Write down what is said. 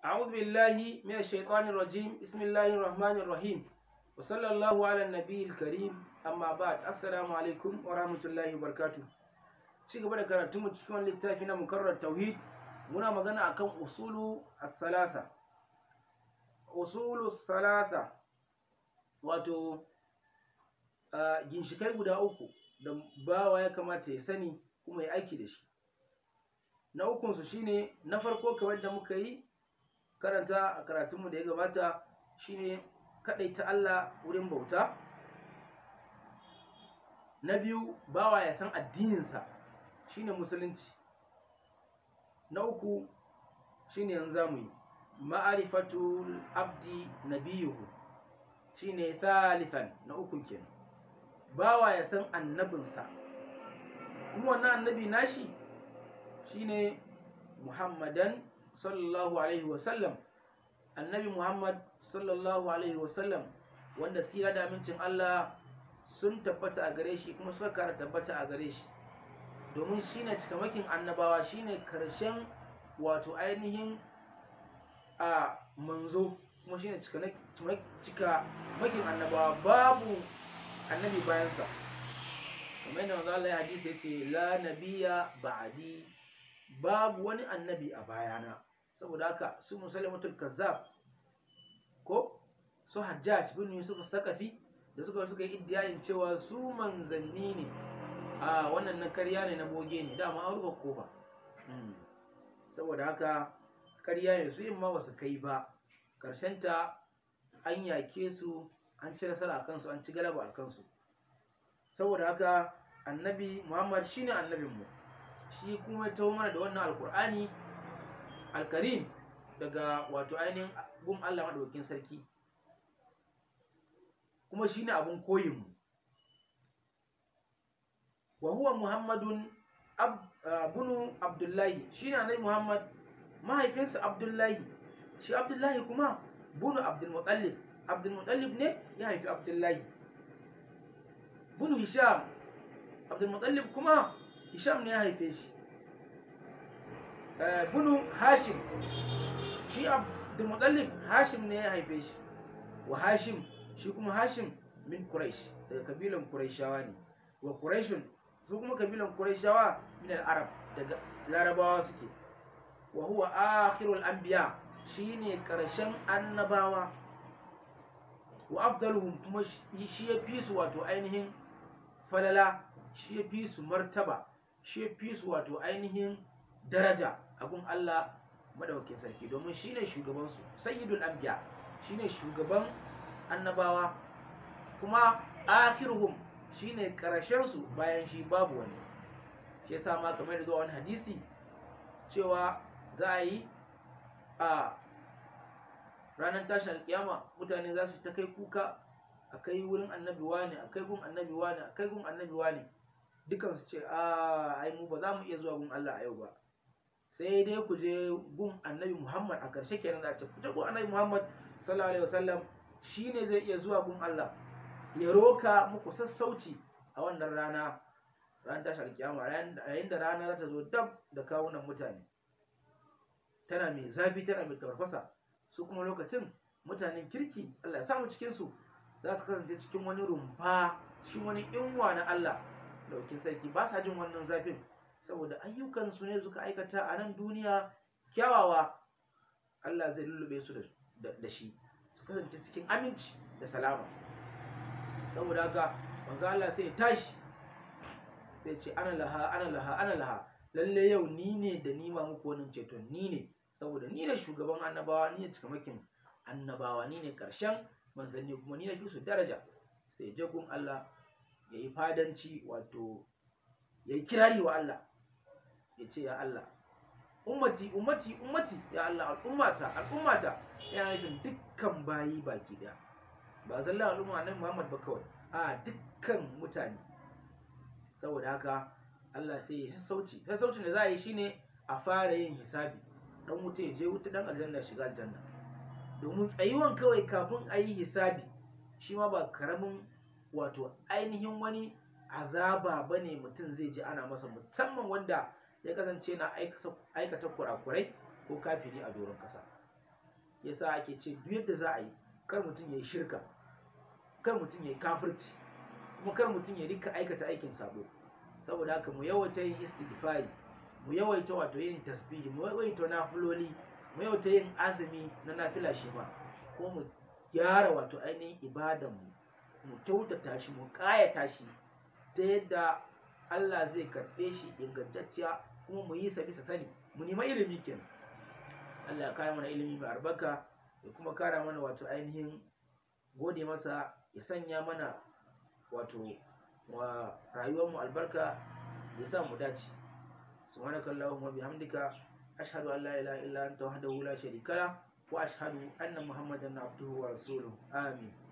أعوذ بالله من الشيطان الرجيم بسم الله الرحمن الرحيم وصلى الله على النبي الكريم أما بعد السلام عليكم ورحمة الله ci gaba da karatunmu cikin wani littafi na mukarrar tauhid muna magana akan usulu salasa salasa wato ginshikai guda uku da bawa ya kamata ya sani kuma ya aiki da shi na ukunsu shine na farko kamar da muka yi karanta a karatunmu da ya gabata shine ta Allah wurin bauta na biyu bawa ya san addininsa shine musulunci na uku ne yanzu zamu yi ma'arifatul abdi shi shine Thalifan na uku kenan bawa ya san annabinsa kuma wannan annabi nashi shine muhammadan sallallahu alaihi wasallam annabi muhammad sallallahu alaihi wasallam wanda sira da amincin allah sun tabbata a gare shi kuma suka kara tabbata a gare shi domin shi ne cikamakin annabawa shi ne karshen wato ainihin a manzo kuma shi ne cikamakin annabawa babu annabi bayansa kamar yadda manzo Allah ya hadisi ya ce la nabiya ba'adi babu wani annabi a bayana saboda haka su musalamatul kazzab ko su hajjaj bin yusuf sakafi da suka suka yi iddiyayin cewa su manzanni ne a wannan na karya ne na boge ne dama an rufe ba hmm. saboda haka karya ne su yin ma wasu kai ba Karshen ta an yake su an ci nasara a kansu an ci galaba a kansu saboda haka annabi muhammad shine annabinmu shi kuma ya taho da wannan alkur'ani alkarim daga wato ainihin gun Allah maɗaukin sarki kuma shi ne abin koyinmu wa huwa muhammadun ah, bunu abdullahi shi ne anai muhammad mahaifinsa abdullahi shi abdullahi kuma bunu abdulmutallib abdulmutallib ne ya haifi abdullahi bunu hisham abdulmutallib kuma hisham ne ya haife shi Eh, bunu hashim shi abdulmutallib hashim ne ya haife shi wa hashim shi kuma hashim min quraish daga kabilan quraishawa ne wa quraishun su kuma kabilan quraishawa min al-arab daga larabawa suke wa huwa akhirul anbiya shine karshen annabawa wa afdaluhum kuma shi ya fi su wato ainihin falala shi ya fi su martaba shi ya fi su wato ainihin daraja a gun Allah madaukakin sarki domin shine shugaban su sayyidul anbiya shine shugaban annabawa kuma akhiruhum shine ne su bayan shi babu wani shi yasa ma kamar da zuwa wani hadisi cewa za a yi a ranar tashin alkiyama mutane za su ta kai kuka a kai wurin annabi ne, a kai gun annabi ne, a kai gun annabi ne. dukansu ce a ah, ai mu ba za mu iya zuwa gun Allah a yau ba sai dai ku je gun annabi muhammad a ƙarshe kenan da ce ku je gun annabi muhammad sallallahu alaihi wasallam shine zai iya zuwa gun allah ya roka muku sassauci a wannan rana ran tashar kiyama yayin da rana za ta zo dab da kawunan mutane tana mai zafi tana mai tarfasa su kuma lokacin mutanen kirki allah ya samu cikinsu za su kasance cikin wani rumfa cikin wani inwa na allah daukin sarki ba sa jin wannan zafin saboda ayyukan su ne suka aikata a nan duniya kyawawa Allah zai lullube su da shi su kasance cikin aminci da salama saboda haka wanzu Allah sai ya tashi sai ce ana laha ana laha ana laha lalle yau ni ne da ni, ma muku wannan ceton ni ne saboda ni ne shugaban annabawa ni ne cikamakin annabawa ni ne karshen manzanni kuma ni ne su daraja sai jagun Allah ya yi fadanci wato ya yi kirari wa Allah ya ce ya Allah ummati ummati ummati ya Allah al'ummata al'ummata ya nufin dukkan bayi baki daya ba zalla al'umma nan Muhammad ba kawai a dukkan mutane saboda haka Allah sai ya sauci sai saucin da za a yi shine a fara yin hisabi dan wuta ya je wuta dan aljanna shiga aljanna domin tsayuwan kawai kafin a yi hisabi shi ma ba karamin wato ainihin wani azaba bane mutum zai ji ana masa musamman wanda ya kasance na aikata kurakurai ko kafiri a doron kasa yasa ake ce duk yadda za a yi kar mutum ya yi shirka kar mutum ya yi kafirci kuma kar mutum ya rika aikata aikin sabo saboda haka mu yawaita yin istighfari mu yawaita wato yin tasbihi mu yawaita na nafiloli mu yawaita yin azumi na nafila shi ma ko mu gyara wato ainihin ibadan mu mu kyautata shi mu kayata shi ta yadda Allah zai karɓe shi ingantacciya kuma mu yi sa bisa sani mu nemi ilimi kenan Allah ya kare mana ilimi mai albarka ya kuma kara mana wato ainihin gode masa ya sanya mana wato wa rayuwar mu albarka ya sa mu dace subhanakallahumma bihamdika ashhadu an la ilaha illa anta wahdahu la sharika la wa ashhadu anna muhammadan abduhu wa rasuluhu amin